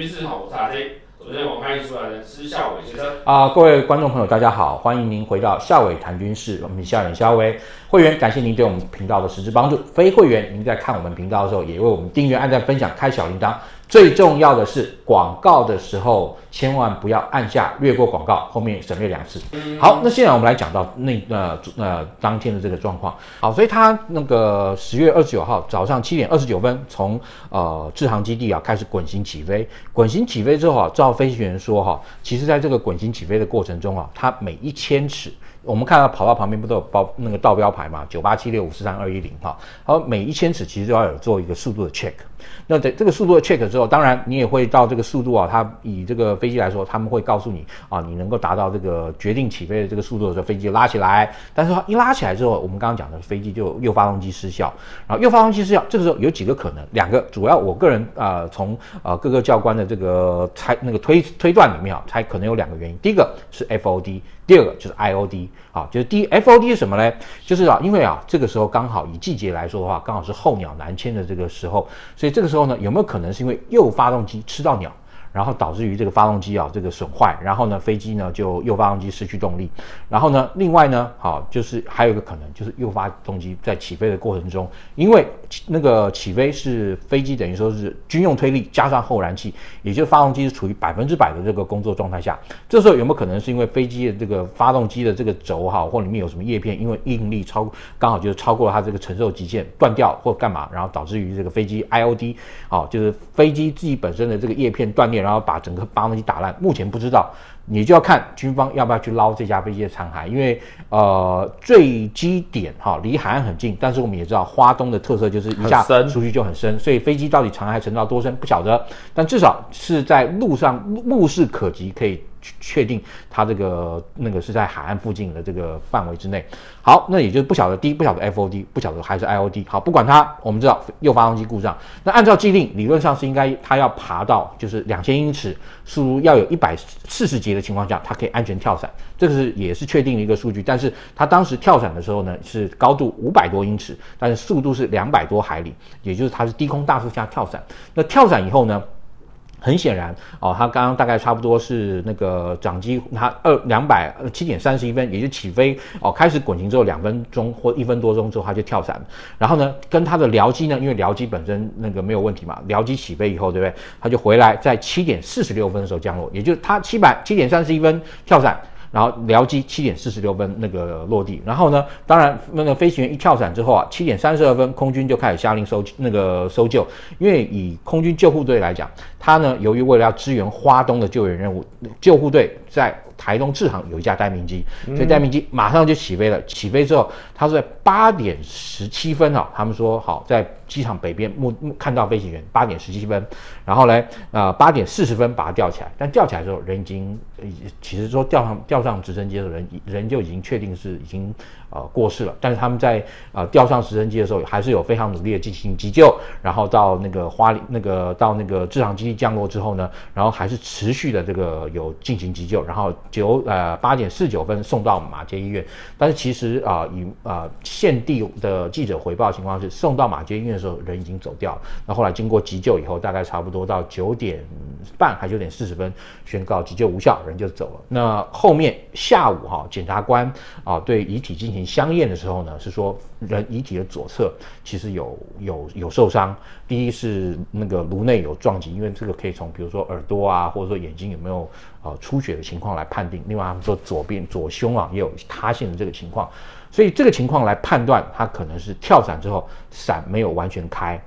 軍事，好，我是昨天網拍出來的，是施孝瑋先生啊。各位觀眾朋友，大家好，歡迎您回到孝瑋談軍事。我們孝瑋，孝瑋會員，感謝您對我們頻道的實質幫助。非會員，您在看我們頻道的時候，也為我們訂閱、按讚、分享、開小鈴鐺。最重要的是，廣告的時候千萬不要按下，略過廣告，後面省略兩次。好，那現在我們來講到那呃呃當天的這個狀況。好，所以他那個十月二十九號早上七點二十九分從，從呃志航基地啊開始滾行起飛。滾行起飛之後啊，照飛行員說哈、啊，其實在這個滾行起飛的過程中啊，它每一千尺。我們看到跑道旁邊不都有報那個道標牌嘛？九八七六五四三二一零哈，然後每一千尺其實都要有做一個速度的 check。那在這個速度的 check 之後，當然你也會到這個速度啊，哦，它以這個飛機來說，他們會告訴你啊，你能夠達到這個決定起飛的這個速度的時候，飛機就拉起來。但是它一拉起來之後，我們剛剛講的飛機就右發動機失效，然後右發動機失效，這個時候有幾個可能，兩個主要，我個人啊，呃，從啊、呃、各個教官的這個猜那個推推斷裡面啊，猜可能有兩個原因，第一個是 FOD。第二個就是 FOD，啊，就是 FOD 是什麼呢？就是啊，因為啊，這個時候剛好以季節來說的話，剛好是候鳥南遷的這個時候，所以這個時候呢，有沒有可能是因為右發動機吃到鳥？然後導致於這個發動機啊，這個損壞，然後呢飛機呢就右發動機失去動力，然後呢另外呢好，就是還有一個可能，就是右發動機在起飛的過程中，因為那個起飛是飛機等於說是軍用推力加上後燃器，也就是發動機是處於百分之百的這個工作狀態下，這時候有沒有可能是因為飛機的這個發動機的這個軸哈，或裡面有什麼葉片，因為應力超，剛好就是超過了它這個承受極限斷掉或幹嘛，然後導致於這個飛機 IOD 啊，就是飛機自己本身的這個葉片斷裂。然後把整個發動機打爛，目前不知道，你就要看軍方要不要去撈這架飛機的殘骸，因為呃墜機點哈離海岸很近，但是我們也知道花東的特色就是一下出去就很深，很深，所以飛機到底殘骸沉到多深不曉得，但至少是在路上目視可及可以。確定他這個那個是在海岸附近的這個範圍之內。好，那也就不曉得 D，不曉得 FOD，不曉得還是 IOD。好，不管它，我們知道右發動機故障。那按照既定理論上是應該他要爬到就是兩千英尺，速度要有一百四十節的情況下，它可以安全跳傘。這個是也是確定一個數據，但是他當時跳傘的時候呢，是高度五百多英尺，但是速度是兩百多海里，也就是他是低空大速下跳傘。那跳傘以後呢？很顯然，哦，他剛剛大概差不多是那個長機，他二兩百七點三十一分，也就起飛哦，開始滾行之後兩分鐘或一分多鐘之後他就跳傘。然後呢，跟他的僚機呢，因為僚機本身那個沒有問題嘛，僚機起飛以後，對不對？他就回來在七點四十六分的時候降落，也就是他七百七點三十一分跳傘。然後僚機七點四十六分那個落地，然後呢，當然那個飛行員一跳傘之後啊，七點三十二分，空軍就開始下令搜那個搜救，因為以空軍救護隊來講，他呢，由於為了要支援花東的救援任務，救護隊在。台東志航有一架待命機，所以待命機馬上就起飛了。嗯、起飛之後，他是在八點十七分啊，他們說好在機場北邊目看到飛行員八點十七分，然後呢，啊、呃、八點四十分，把它吊起來，但吊起來之後人已經，呃、其實說吊上吊上直升機的人人就已經確定是已經呃過世了。但是他們在呃吊上直升機的時候還是有非常努力的進行急救，然後到那個花裡那個到那個志航基地降落之後呢，然後還是持續的這個有進行急救，然後。九呃八點四九分送到馬偕醫院，但是其實啊、呃，以啊、呃、現地的記者回報的情況是，送到馬偕醫院的時候人已經走掉了。那後來經過急救以後，大概差不多到九點半還是九點四十分宣告急救無效，人就走了。那後面下午哈、啊，檢察官啊對遺體進行相驗的時候呢，是說。人遺體的左側其實有有有受傷，第一是那個顱內有撞擊，因為這個可以從比如說耳朵啊，或者說眼睛有沒有啊、呃、出血的情況來判定。另外他們說左邊左胸啊也有塌陷的這個情況，所以這個情況來判斷他可能是跳傘之後傘沒有完全開。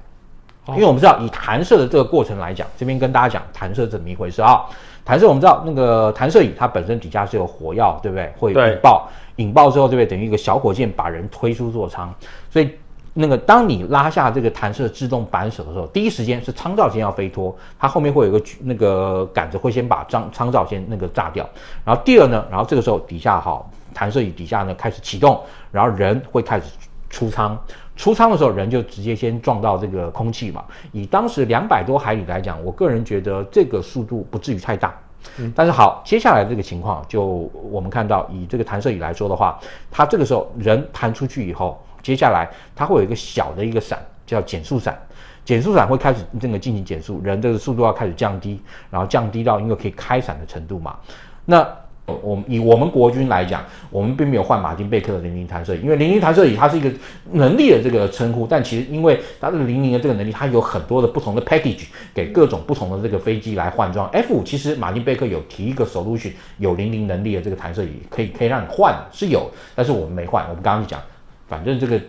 因為我們知道以彈射的這個過程來講，這邊跟大家講彈射怎麼一回事啊、哦？彈射我們知道那個彈射椅它本身底下是有火藥，對不對？會引爆，對引爆之後這邊等於一個小火箭把人推出座艙。所以那個當你拉下這個彈射自動扳手的時候，第一時間是艙罩先要飛脫，它後面會有一個那個桿子會先把艙艙罩先那個炸掉。然後第二呢，然後這個時候底下哈、哦、彈射椅底下呢開始啟動，然後人會開始出艙。出艙的時候，人就直接先撞到這個空氣嘛。以當時兩百多海里來講，我個人覺得這個速度不至於太大。嗯、但是好，接下來這個情況，就我們看到以這個彈射椅來說的話，它這個時候人彈出去以後，接下來它會有一個小的一個傘，叫減速傘。減速傘會開始這個進行減速，人這個速度要開始降低，然後降低到因為可以開傘的程度嘛。那我我以我們國軍來講，我們並沒有換馬丁貝克的零零彈射，因為零零彈射椅它是一個能力的這個稱呼，但其實因為它的零零的這個能力，它有很多的不同的 package 給各種不同的這個飛機來換裝。F-5 其實馬丁貝克有提一個 solution 有零零能力的這個彈射椅，可以可以讓你換，是有，但是我們沒換。我們剛剛就講，反正這個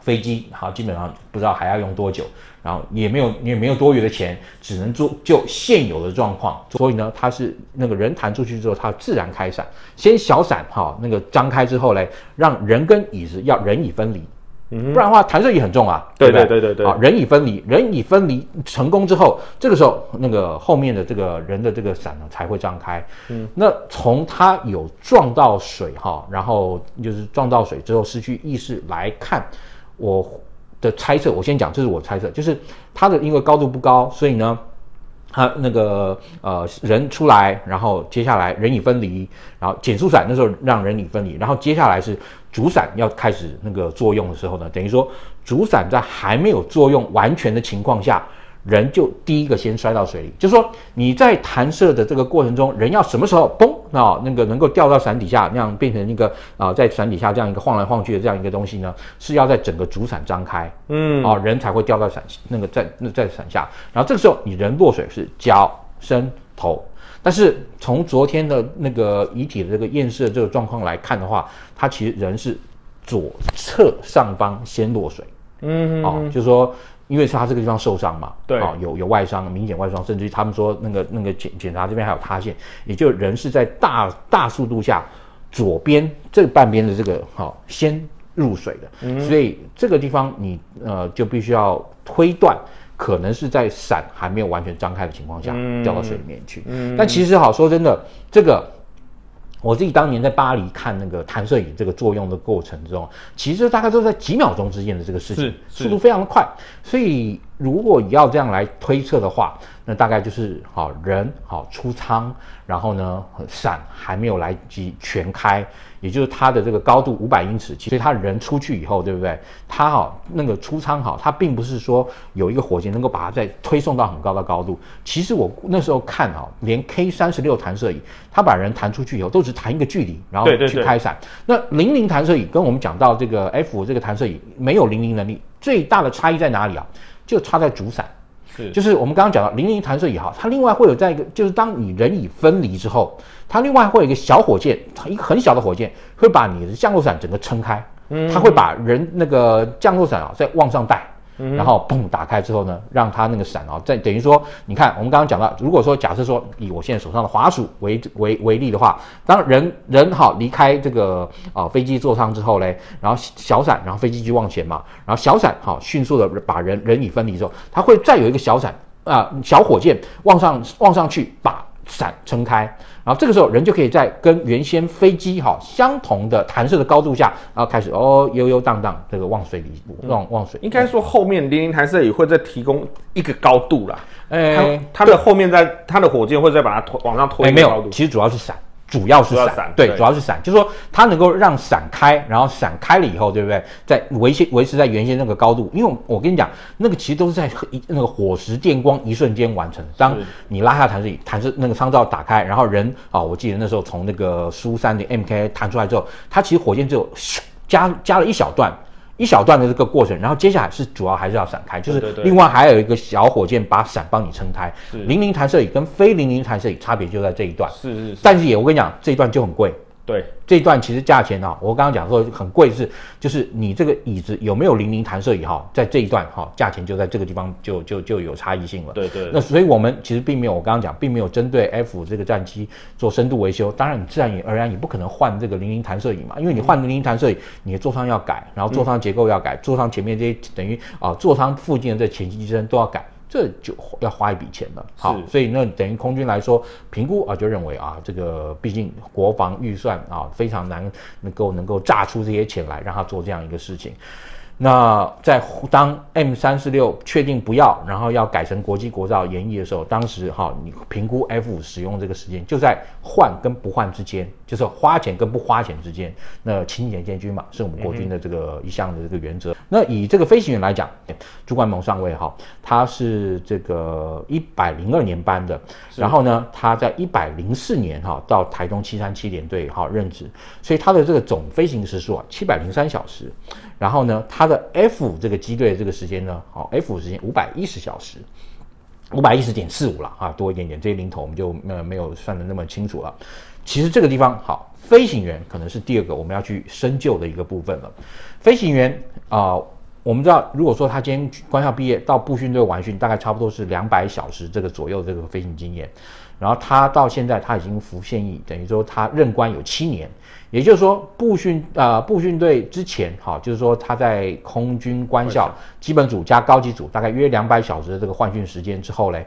飛機好，基本上不知道還要用多久。然後也沒有，也也沒有多餘的錢，只能做就現有的狀況。所以呢，他是那個人彈出去之後，他自然開傘，先小傘哈、哦，那個張開之後呢，讓人跟椅子要人椅分離，嗯、哼不然的話彈射椅很重啊，對不對？對對對對，對啊，人椅分離，人椅分離成功之後，這個時候那個後面的這個人的這個傘呢才會張開。嗯，那從它有撞到水哈，然後就是撞到水之後失去意識來看，我。的猜測，我先講，這是我猜測，就是它的因為高度不高，所以呢，它那個呃人出來，然後接下來人椅分離，然後減速傘那時候讓人椅分離，然後接下來是主傘要開始那個作用的時候呢，等於說主傘在還沒有作用完全的情況下。人就第一個先摔到水裡，就是說你在彈射的這個過程中，人要什麼時候嘣？啊、哦？那個能夠掉到傘底下，那樣變成一個啊、呃，在傘底下這樣一個晃來晃去的這樣一個東西呢？是要在整個主傘張開，嗯，啊、哦，人才會掉到傘那個在那個、在傘下。然後這個時候，你人落水是腳伸頭，但是從昨天的那個遺體的這個驗屍的這個狀況來看的話，它其實人是左側上方先落水，嗯哼，啊、哦，就是說。因為是他這個地方受傷嘛，對啊、哦，有有外傷，明顯外傷，甚至於他們說那個那個檢檢查這邊還有塌陷，也就人是在大大速度下，左邊這半邊的這個好、哦、先入水的，嗯、所以這個地方你呃就必須要推斷，可能是在傘還沒有完全張開的情況下、嗯、掉到水裡面去，嗯、但其實好說真的這個。我自己當年在巴黎看那個彈射椅這個作用的過程中，其實大概都在幾秒鐘之間的這個事情，速度非常的快，所以。如果要這樣來推測的話，那大概就是好、哦、人好、哦、出艙，然後呢傘還沒有來及全開，也就是它的這個高度五百英尺。其實它人出去以後，對不對？它哈、哦、那個出艙好，它並不是說有一個火箭能夠把它再推送到很高的高度。其實我那時候看哈、哦，連 K 三十六彈射椅，它把人彈出去以後都只彈一個距離，然後去開傘。對對對，那零零彈射椅跟我們講到這個 F5 這個彈射椅沒有零零能力，最大的差異在哪裡啊？就插在主傘，是，就是我們剛剛講到零零彈射也好，它另外會有這樣一個，就是當你人已分離之後，它另外會有一個小火箭，一個很小的火箭，會把你的降落傘整個撐開，嗯，它會把人那個降落傘啊再往上帶。然後嘣，打開之後呢，讓它那個傘哦，再等於說，你看我們剛剛講到，如果說假設說以我現在手上的滑鼠為為為例的話，當人人好離開這個啊、呃、飛機座艙之後嘞，然後小傘，然後飛機就往前嘛，然後小傘好迅速的把人人椅分離之後，它會再有一個小傘，啊、呃、小火箭往上往上去把。傘撐開，然後這個時候人就可以在跟原先飛機哈、哦、相同的彈射的高度下，然後開始哦悠悠蕩蕩這個往水裡走，往往水。嗯、應該說後面零零彈射也會再提供一個高度啦，呃、哎，它的後面在它對的火箭會再把它拖往上拖、哎、沒有高度，其實主要是傘。主要是傘，對，對主要是傘，就是說它能夠讓傘開，然後傘開了以後，對不對？在維維持，持在原先那個高度，因為我，我跟你講，那個其實都是在一那個火石電光一瞬間完成。當你拉下彈射彈射那個艙罩打開，然後人啊、哦，我記得那時候從那個蘇30的 MK 彈出來之後，它其實火箭只有加加了一小段。一小段的這個過程，然後接下來是主要還是要傘開，就是另外還有一個小火箭把傘幫你撐開。對對對。零零彈射椅跟非零零彈射椅差別就在這一段，是是，是是。但是也我跟你講，這一段就很貴。對這一段其實價錢哈、啊，我剛剛講說很貴是，就是你這個椅子有沒有零零彈射椅哈，在這一段哈，價錢就在這個地方就就就有差異性了。對，對對。那所以我們其實並沒有，我剛剛講並沒有針對 F 5這個戰機做深度維修。當然，你自然而然也不可能換這個零零彈射椅嘛，因為你換零零彈射椅，嗯、你的座艙要改，然後座艙結構要改，座艙前面這些等於啊、呃、座艙附近的這前機身都要改。這就要花一筆錢了，好，是所以那等於空軍來說，評估啊，就認為啊，這個畢竟國防預算啊非常難能夠能夠榨出這些錢來，讓他做這樣一個事情。那在當 M 三四六確定不要，然後要改成國際國造研議的時候，當時哈、哦，你評估 F 五使用這個時間就在換跟不換之間，就是花錢跟不花錢之間。那勤儉建軍嘛，是我們國軍的這個一項的這個原則。嗯嗯那以這個飛行員來講，朱冠蒙上尉哈、哦，他是這個一百零二年班的，是然後呢，他在一百零四年哈、哦、到台東七三七聯隊哈、哦、任職，所以他的這個總飛行時數啊七百零三小時，然後呢，他。他的 F-5 這個機隊的這個時間呢？好，F-5 時間五百一十小時，五百一十點四五了啊，多一點點，這些零頭我們就沒有算的那麼清楚了。其實這個地方好，飛行員可能是第二個我們要去深究的一個部分了。飛行員啊、呃，我們知道，如果說他今天官校畢業到部訓隊完訓，大概差不多是兩百小時這個左右這個飛行經驗。然後他到現在他已經服現役，等於說他任官有七年，也就是說步訓啊步、呃、步訓隊之前哈、哦，就是說他在空軍官校基本組加高級組，對大概約兩百小時的這個換訓時間之後嘞，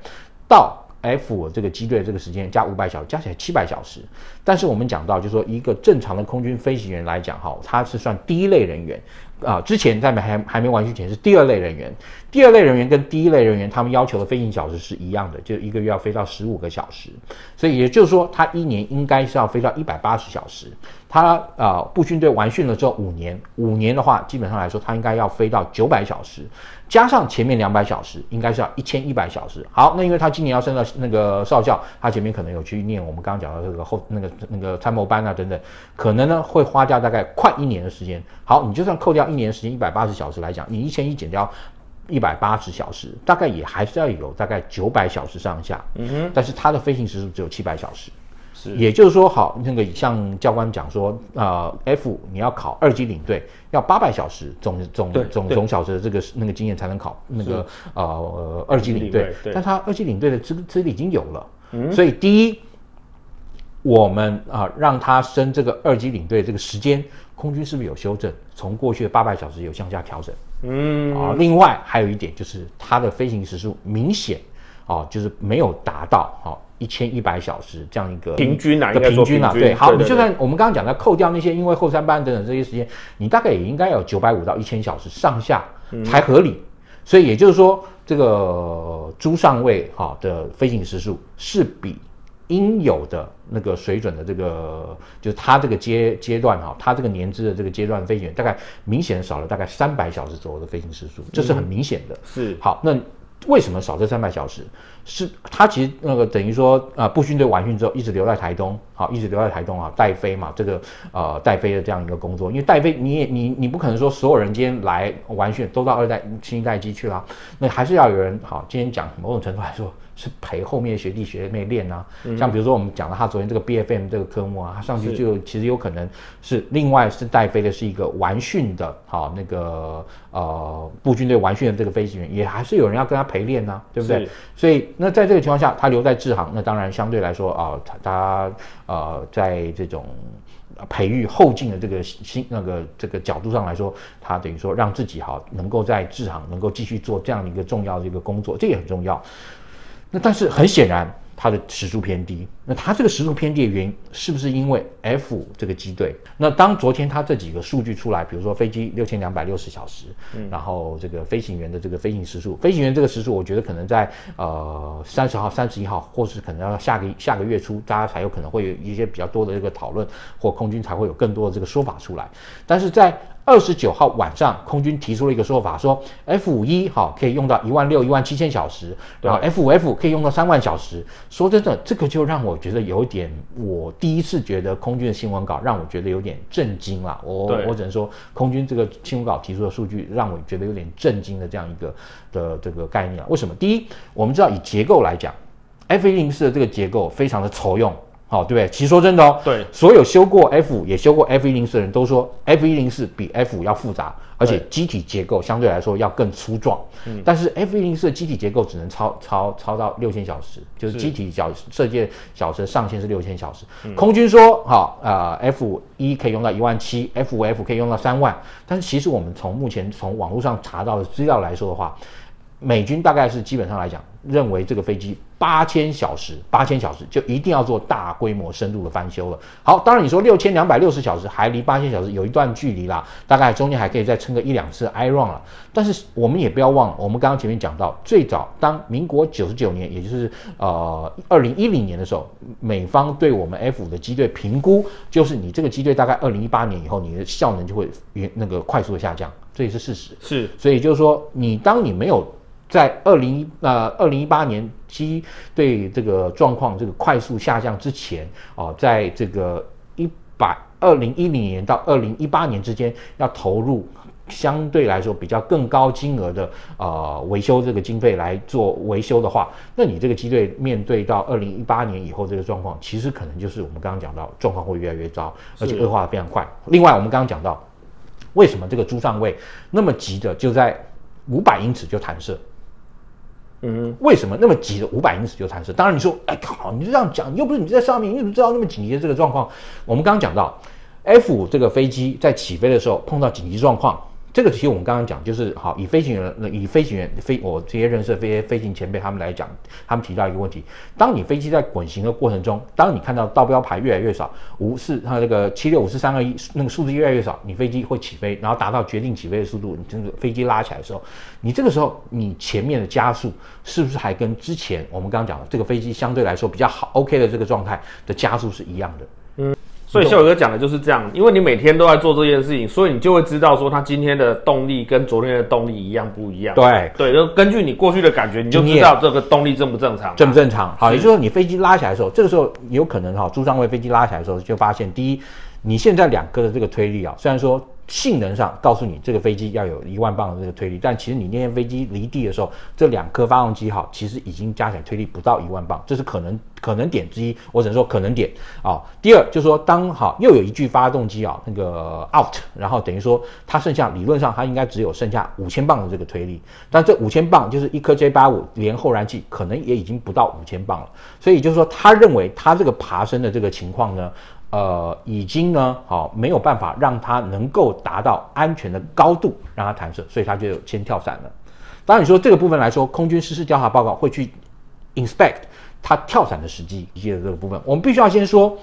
到 F-5 這個機隊這個時間加五百小時，加起來七百小時。但是我們講到，就是說一個正常的空軍飛行員來講哈、哦，他是算第一類人員。啊、呃，之前在美還還沒完訓前是第二類人員，第二類人員跟第一類人員他們要求的飛行小時是一樣的，就一個月要飛到十五個小時，所以也就是說他一年應該是要飛到一百八十小時，他啊部訓隊完訓了之後五年，五年的話基本上來說他應該要飛到九百小時。加上前面兩百小時，應該是要一千一百小時。好，那因為他今年要升到那個少校，他前面可能有去念我們剛剛講的那個那個後那個那個參謀班啊等等，可能呢會花掉大概快一年的時間。好，你就算扣掉一年的時間一百八十小時來講，你一千一減掉一百八十小時，大概也還是要有大概九百小時上下。嗯哼。但是他的飛行時數只有七百小時。是也就是說，好，那個像教官講說，啊、呃、F 你要考二級領隊，要八百小時總總總總小時的這個那個經驗才能考那個是呃二級領隊。對，但他二級領隊的資資歷已經有了，嗯、所以第一，我們啊讓他升這個二級領隊這個時間，空軍是不是有修正？從過去的八百小時有向下調整。嗯啊，另外還有一點就是他的飛行時數明顯啊，就是沒有達到好。啊一千一百小時這樣一個平均哪、啊、一個平均、啊、平均平均啊，對，好，對對對，你就算我們剛剛講的扣掉那些因為後三班等等這些時間，你大概也應該有九百五到一千小時上下才合理。嗯、所以也就是說，這個朱上尉哈、哦、的飛行時數是比應有的那個水準的這個，嗯、就是他這個階階段哈、哦，他這個年資的這個階段飛行員，大概明顯少了大概三百小時左右的飛行時數，嗯、這是很明顯的。是好那。為什麼少這三百小時？是他其實那個等於說啊，部、呃、訓隊完訓之後，一直留在台東，好，一直留在台東啊，帶飛嘛，這個呃，帶飛的這樣一個工作。因為帶飛你，你也你你不可能說所有人今天來完訓都到二代新一代機去了、啊，那還是要有人好，今天講某種程度來說。是陪後面學弟學妹練吶、啊，像比如說我們講了他昨天這個 BFM 這個科目啊，他上去就其實有可能是另外是帶飛的是一個完訓的，啊，好那個呃步軍隊完訓的這個飛行員，也還是有人要跟他陪練呢、啊，對不對？所以那在這個情況下，他留在志航，那當然相對來說啊，他呃在這種培育後進的這個新那個這個角度上來說，他等於說讓自己好能夠在志航能夠繼續做這樣的一個重要的一個工作，這也很重要。那但是很顯然它的時速偏低，那它這個時速偏低的原因是不是因為 F-5 這個機隊？那當昨天它這幾個數據出來，比如說飛機六千兩百六十小時，嗯，然後這個飛行員的這個飛行時速，飛行員這個時速，我覺得可能在呃三十號、三十一號，或是可能要下個下個月初，大家才有可能會有一些比較多的這個討論，或空軍才會有更多的這個說法出來。但是在二十九號晚上，空軍提出了一個說法，說 F 五 E 哈，可以用到一萬六一萬七千小時，然後 F 五 F 可以用到三萬小時。對說真的，這個就讓我覺得有點，我第一次覺得空軍的新聞稿讓我覺得有點震驚了。我對我只能說，空軍這個新聞稿提出的數據讓我覺得有點震驚的這樣一個的這個概念啊。為什麼？第一，我們知道以結構來講，F 一零四的這個結構非常的粗勇。好、哦，對，對，其實說真的哦，對，所有修過 F 5也修過 F 一零四的人都說，F 一零四比 F 5要複雜，而且機體結構相對來說要更粗壯。嗯對，但是 F 一零四的機體結構只能超超超到六千小時，就是機體小是設計小時上限是六千小時。嗯、空軍說，哈、哦，啊、呃、F-5E、可以用到一萬七，F-5F 可以用到三萬，但是其實我們從目前從網絡上查到的資料來說的話，美軍大概是基本上來講。認為這個飛機八千小時，八千小時就一定要做大規模、深度的翻修了。好，當然你說六千兩百六十小時還離八千小時有一段距離啦，大概中間還可以再撐個一兩次 IRAN 了。但是我們也不要忘了，我們剛剛前面講到，最早當民國九十九年，也就是呃二零一零年的時候，美方對我們 F 五的機隊評估，就是你這個機隊大概二零一八年以後，你的效能就會那個快速的下降，這也是事實。是，所以就是說，你當你沒有。在二零一呃二零一八年機隊這個狀況這個快速下降之前啊、呃，在這個一百二零一零年到二零一八年之間，要投入相對來說比較更高金額的呃維修這個經費來做維修的話，那你這個機隊面對到二零一八年以後這個狀況，其實可能就是我們剛剛講到狀況會越來越糟，而且惡化得非常快。是另外，我們剛剛講到為什麼這個朱上尉，那麼急的就在五百英尺就彈射？嗯，為什麼那麼急的五百英尺就彈射？當然，你說，哎靠，你這樣講，又不是你在上面，你怎麼知道那麼緊急的這個狀況？我們剛剛講到，F 五這個飛機在起飛的時候碰到緊急狀況。這個其實我們剛剛講，就是好，以飛行員、以飛行員、飛我這些認識的飛飛行前輩他們來講，他們提到一個問題，當你飛機在滾行的過程中，當你看到道標牌越來越少，五、四、那那個七六五四三、二、一那個數字越來越少，你飛機會起飛，然後達到決定起飛的速度，你這個飛機拉起來的時候，你這個時候你前面的加速是不是還跟之前我們剛剛講的這個飛機相對來說比較好 OK 的這個狀態的加速是一樣的？嗯。所以孝瑋哥講的就是這樣，因為你每天都在做這件事情，所以你就會知道說他今天的動力跟昨天的動力一樣不一樣。對對，就根據你過去的感覺，你就知道這個動力正不正常，啊，正不正常。好，是也就是說你飛機拉起來的時候，這個時候有可能哈、哦，朱上尉飛機拉起來的時候就發現，第一，你現在兩個的這個推力啊，雖然說。性能上告訴你，這個飛機要有一萬磅的這個推力，但其實你那天飛機離地的時候，這兩顆發動機哈，其實已經加起來推力不到一萬磅，這是可能可能點之一。我只能說可能點啊、哦。第二就是說當，當、哦、好又有一具發動機啊、哦、那個 out，然後等於說它剩下理論上它應該只有剩下五千磅的這個推力，但這五千磅就是一顆 J 八五連後燃器，可能也已經不到五千磅了。所以就是說，他認為他這個爬升的這個情況呢。呃，已經呢，好、哦、沒有辦法讓它能夠達到安全的高度，讓它彈射，所以他就先跳傘了。當然，你說這個部分來說，空軍失事調查報告會去 inspect 他跳傘的時機，記得這個部分，我們必須要先說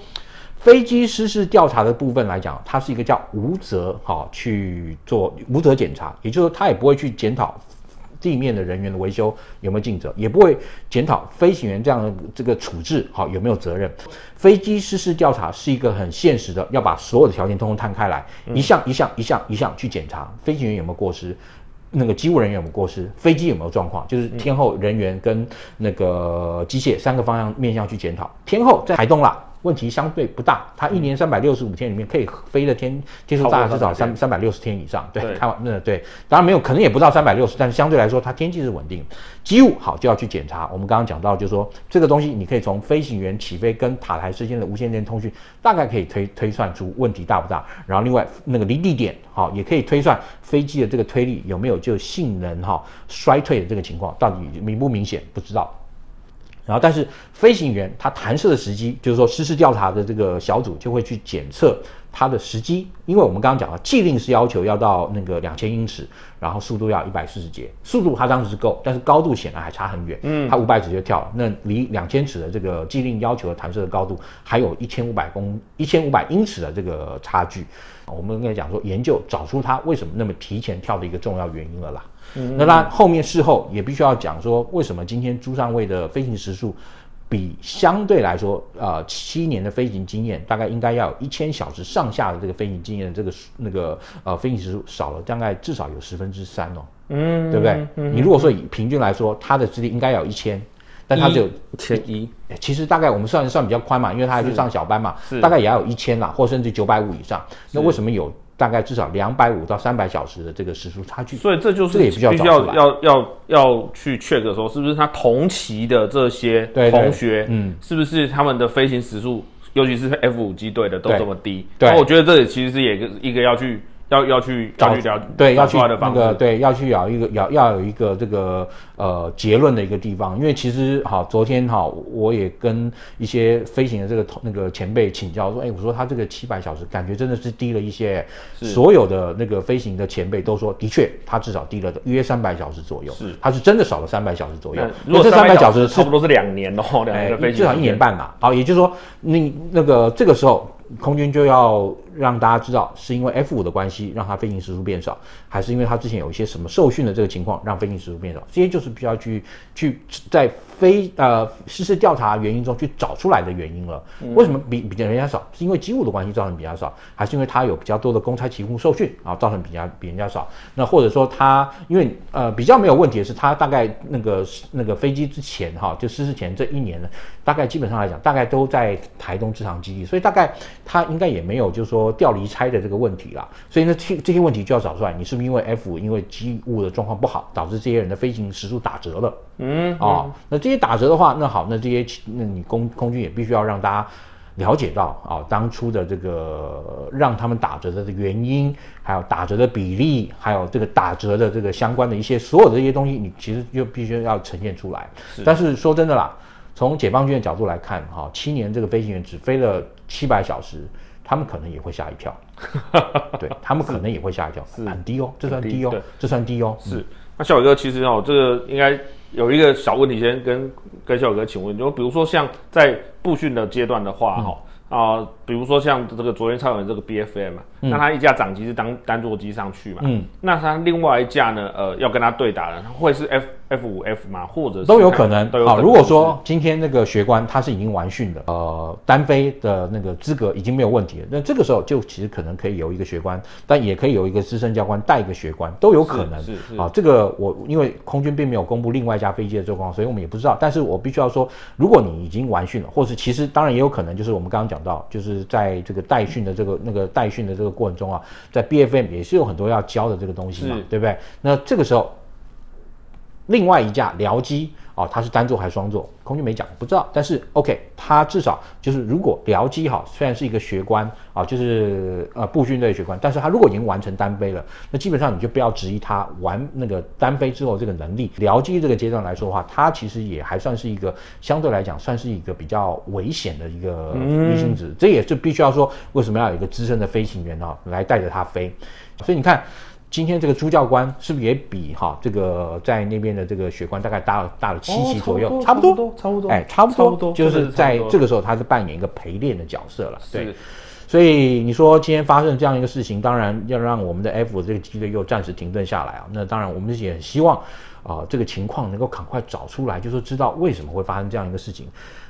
飛機失事調查的部分來講，它是一個叫無責，好、哦、去做無責檢查，也就是說，他也不會去檢討。地面的人員的維修有沒有盡責，也不會檢討飛行員這樣的這個處置好有沒有責任。飛機失事調查是一個很現實的，要把所有的條件通通攤開來，嗯、一項一項一項一項去檢查飛行員有沒有過失，那個機務人員有沒有過失，飛機有沒有狀況，就是天後人員跟那個機械三個方向面向去檢討。天後在台東啦。問題相對不大，它一年三百六十五天裡面可以飛的天天數大至少三三百六十天以上，對，開完對那對，當然沒有，可能也不到三百六十，但是相對來說它天氣是穩定。機務好就要去檢查，我們剛剛講到，就是說這個東西你可以從飛行員起飛跟塔台之間的無線電通訊，大概可以推推算出問題大不大。然後另外那個離地點，好、哦，也可以推算飛機的這個推力有沒有就性能哈、哦、衰退的這個情況，到底明不明顯不知道。然後，但是飛行員他彈射的時機，就是說，失事調查的這個小組就會去檢測他的時機，因為我們剛剛講了，既定是要求要到那個兩千英尺，然後速度要一百四十節，速度他當時是夠，但是高度顯然還差很遠，嗯，他五百尺就跳，那離兩千尺的這個既定要求的彈射的高度還有一千五百公一千五百英尺的這個差距，我們剛才講說，研究找出他為什麼那麼提前跳的一個重要原因了啦。嗯,嗯，那他後面事後也必須要講說，為什麼今天朱上尉的飛行時數比相對來說，呃，七年的飛行經驗，大概應該要有一千小時上下的這個飛行經驗這個那個呃飛行時數少了，大概至少有十分之三哦，嗯,嗯，對不對？嗯嗯嗯你如果說以平均來說，他的資歷應該要有一千，但他只有七一，其實大概我們算算比較寬嘛，因為他還去上小班嘛，是 大概也要有一千啦，或甚至九百五以上，那為什麼有？大概至少兩百五到三百小時的這個時數差距，所以這就是必須要要要要去 check 說是不是他同期的這些同學，嗯對，是不是他們的飛行時數，嗯、尤其是 F-5 機隊的都這麼低？那對我覺得這裡其實是也一，對一個要去。要要去找對要，要去那個對要去找一個咬要，要有一個這個呃結論的一個地方，因為其實好、哦，昨天哈、哦、我也跟一些飛行的這個那個前輩請教說，哎，我說他這個七百小時感覺真的是低了一些，是所有的那個飛行的前輩都說，的確他至少低了約三百小時左右，是他是真的少了三百小時左右。如果這三百小時，小時差不多是兩年哦，兩年的飛行、哎、至少一年半嘛好，也就是說，那那個這個時候空軍就要。讓大家知道是因為 F 五的關係，讓他飛行時數變少，還是因為他之前有一些什麼受訓的這個情況讓飛行時數變少，這些就是必須要去去在飛呃失事調查原因中去找出來的原因了。嗯、為什麼比比人家少？是因為機務的關係造成比較少，還是因為他有比較多的公差勤務受訓啊造成比較比人家少？那或者說他因為呃比較沒有問題的是他大概那個那個飛機之前哈就失事前這一年呢，大概基本上來講大概都在台東志航基地，所以大概他應該也沒有就是說。調離差的這個問題啦，所以呢，這這些問題就要找出來。你是不是因為 F 因為機務的狀況不好，導致這些人的飛行時數打折了？嗯，啊，那這些打折的話，那好，那這些那你空空軍也必須要讓大家了解到啊，當初的這個讓他們打折的原因，還有打折的比例，還有這個打折的這個相關的一些所有的這些東西，你其實就必須要呈現出來。但是說真的啦，從解放軍的角度來看，哈，七年這個飛行員只飛了七百小時。他們可能也會嚇一跳，對，他們可能也會嚇一跳，很低哦，這算低哦，這算低哦。是，那孝瑋哥其實哦，這個應該有一個小問題，先跟跟孝瑋哥請問，就比如說像在部訓的階段的話，哈啊，比如說像這個昨天超人的這個 B F M，那他一架掌機是當單座機上去嘛，那他另外一架呢，呃，要跟他對打的，會是 F。F5F 嘛，或者是都有可能好。啊、如果說今天那個學官他是已經完訓的，嗯、呃，單飛的那個資格已經沒有問題了，那這個時候就其實可能可以有一個學官，但也可以有一個資深教官帶一個學官，都有可能。是是，是啊，這個我因為空軍並沒有公布另外一架飛機的狀況，所以我們也不知道。但是我必須要說，如果你已經完訓了，或是其實當然也有可能，就是我們剛剛講到，就是在這個帶訓的這個那個帶訓的這個過程中啊，在 BFM 也是有很多要教的這個東西嘛，是對不對？那這個時候。另外一架僚機啊，它是單座還是雙座？空軍沒講，不知道。但是 OK，他至少就是如果僚機哈，雖然是一個學官啊、哦，就是呃部訓隊學官，但是他如果已經完成單飛了，那基本上你就不要質疑他完那個單飛之後這個能力。僚機這個階段來說的話，它其實也還算是一個相對來講算是一個比較危險的一個飛行值，嗯、這也是必須要說為什麼要有一個資深的飛行員啊、哦、來帶着他飛。所以你看。今天這個朱教官是不是也比哈、啊、這個在那邊的這個學員大概大了大了七級左右、哦，差不多差不多哎差不多差不多，就是在這個時候他是扮演一個陪練的角色了。對，是所以你說今天發生這樣一個事情，當然要讓我們的 F 這個機隊又暫時停頓下來啊。那當然我們也很希望啊、呃、這個情況能夠趕快找出來，就說、是、知道為什麼會發生這樣一個事情，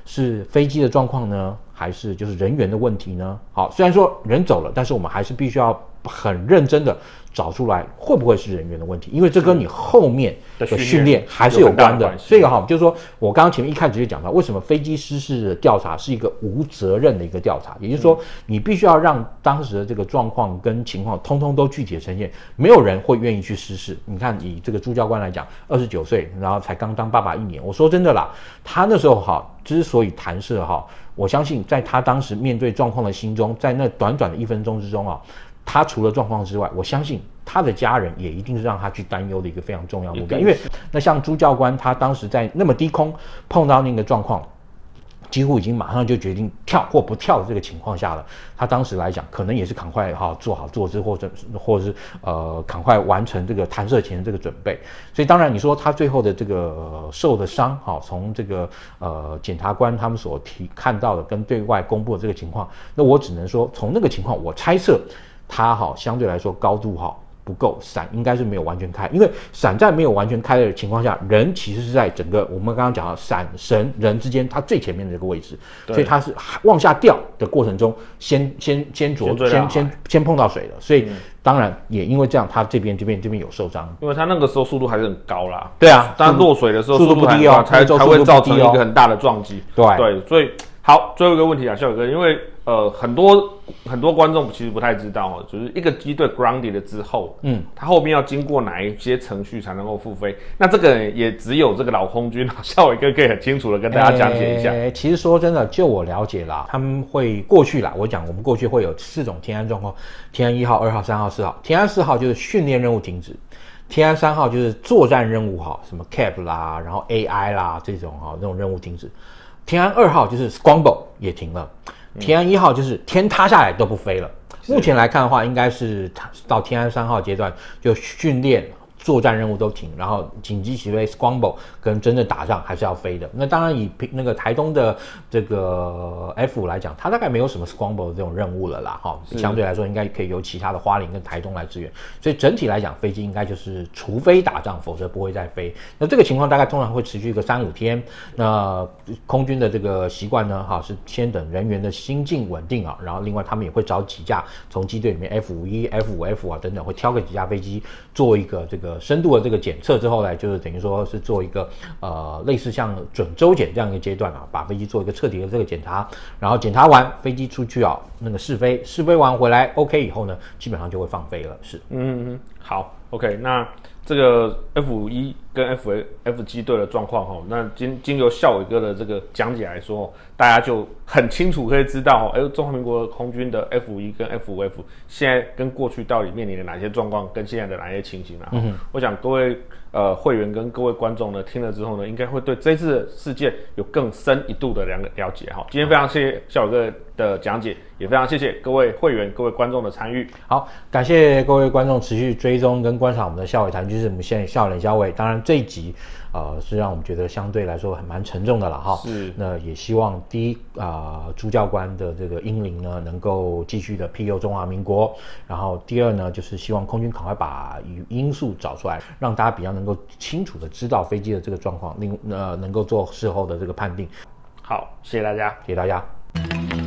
是飛機的狀況呢，還是就是人員的問題呢？好，雖然說人走了，但是我們還是必須要。很認真的找出來，會不會是人員的問題？因為這跟你後面的訓練還是有關的。這個哈，就是說我剛剛前面一開始就講到，為什麼飛機失事的調查是一個無責任的一個調查？也就是說，你必須要讓當時的這個狀況跟情況通通都具體的呈現。沒有人會願意去失事。你看，以這個朱教官來講，二十九歲，然後才剛當爸爸一年。我說真的啦，他那時候哈、啊、之所以彈射哈、啊，我相信在他當時面對狀況的心中，在那短短的一分鐘之中啊。他除了狀況之外，我相信他的家人也一定是讓他去擔憂的一個非常重要目標。因為那像朱教官，他當時在那麼低空碰到那個狀況，幾乎已經馬上就決定跳或不跳的這個情況下了。他當時來講，可能也是趕快哈做好坐姿，或者或者是呃趕快完成這個彈射前的這個準備。所以當然你說他最後的這個受的傷哈，從這個呃檢察官他們所提看到的跟對外公布的這個情況，那我只能說從那個情況我猜測，它好，相對來說高度好，不夠，傘應該是沒有完全開。因為傘在沒有完全開的情況下，人其實是在整個我們剛剛講的傘繩人之間，它最前面的這個位置，對所以它是往下掉的過程中先，先先先着，先先先，灼先，先，先碰到水了。所以、嗯、當然也因為這樣，它這邊這邊這邊有受傷。因為它那個時候速度還是很高啦。對啊，但落水的時候速度不低哦，才才還會造成一個很大的撞擊。嗯、對對，所以好，最後一個問題啊，孝瑋哥，因為。呃，很多很多觀眾其實不太知道、哦、就是一個機隊 grounded 了之後，嗯，他後面要經過哪一些程序，才能夠復飛？那這個也只有這個老空軍啊，孝瑋哥可以很清楚的跟大家講解一下、欸。其實說真的，就我了解啦，他們會過去啦。我講我們過去會有四種天安狀況：天安一號、二號、三號、四號。天安四號就是訓練任務停止，天安三號就是作戰任務哈，什麼 CAP 啦，然後 AI 啦這種哈，這種任務停止。天安二號就是 scramble 也停了。天安一號就是天塌下來都不飛了。目前來看的話，應該是到天安三號階段就訓練，作戰任務都停，然後緊急起飛 scramble 跟真正打仗還是要飛的。那當然以那個台東的這個 F 五來講，它大概沒有什麼 scramble 這種任務了啦。哈是，相對來說應該可以由其他的花蓮跟台東來支援。所以整體來講，飛機應該就是除非打仗，否則不會再飛。那這個情況大概通常會持續一個三五天。那空軍的這個習慣呢，哈是先等人員的心境穩定啊，然後另外他們也會找幾架從機隊裡面 F 五一、F 五 F 啊等等，會挑個幾架飛機做一個這個。深度的這個檢測之後呢，就是等於說是做一個呃類似像準週檢這樣一個階段啊，把飛機做一個徹底的這個檢查，然後檢查完飛機出去啊，那個試飛，試飛完回來 OK 以後呢，基本上就會放飛了。是，嗯，嗯。好，OK，那。這個 F 5一跟 F F G 機隊的狀況哈，那經經由孝偉哥的這個講解來說，大家就很清楚可以知道哈，誒，中華民國空軍的 F 5一跟 F 五 F 現在跟過去到底面臨的哪些狀況，跟現在的哪些情形呢、啊？嗯哼，我想各位呃會員跟各位觀眾呢，聽了之後呢，應該會對這次的事件有更深一度的兩個了解哈。今天非常謝謝孝偉哥的講解。也非常謝謝各位會員、各位觀眾的參與。好，感謝各位觀眾持續追蹤跟觀察我們的孝瑋談，就是我們現在的孝瑋、孝瑋。當然，這一集，呃，是讓我們覺得相對來說還蠻沉重的了哈。是。那也希望第一啊、呃，朱教官的這個英靈呢，能夠繼續的庇佑中華民國。然後第二呢，就是希望空軍趕快把因素找出來，讓大家比較能夠清楚的知道飛機的這個狀況，令呃能夠做事後的這個判定。好，謝謝大家，謝謝大家。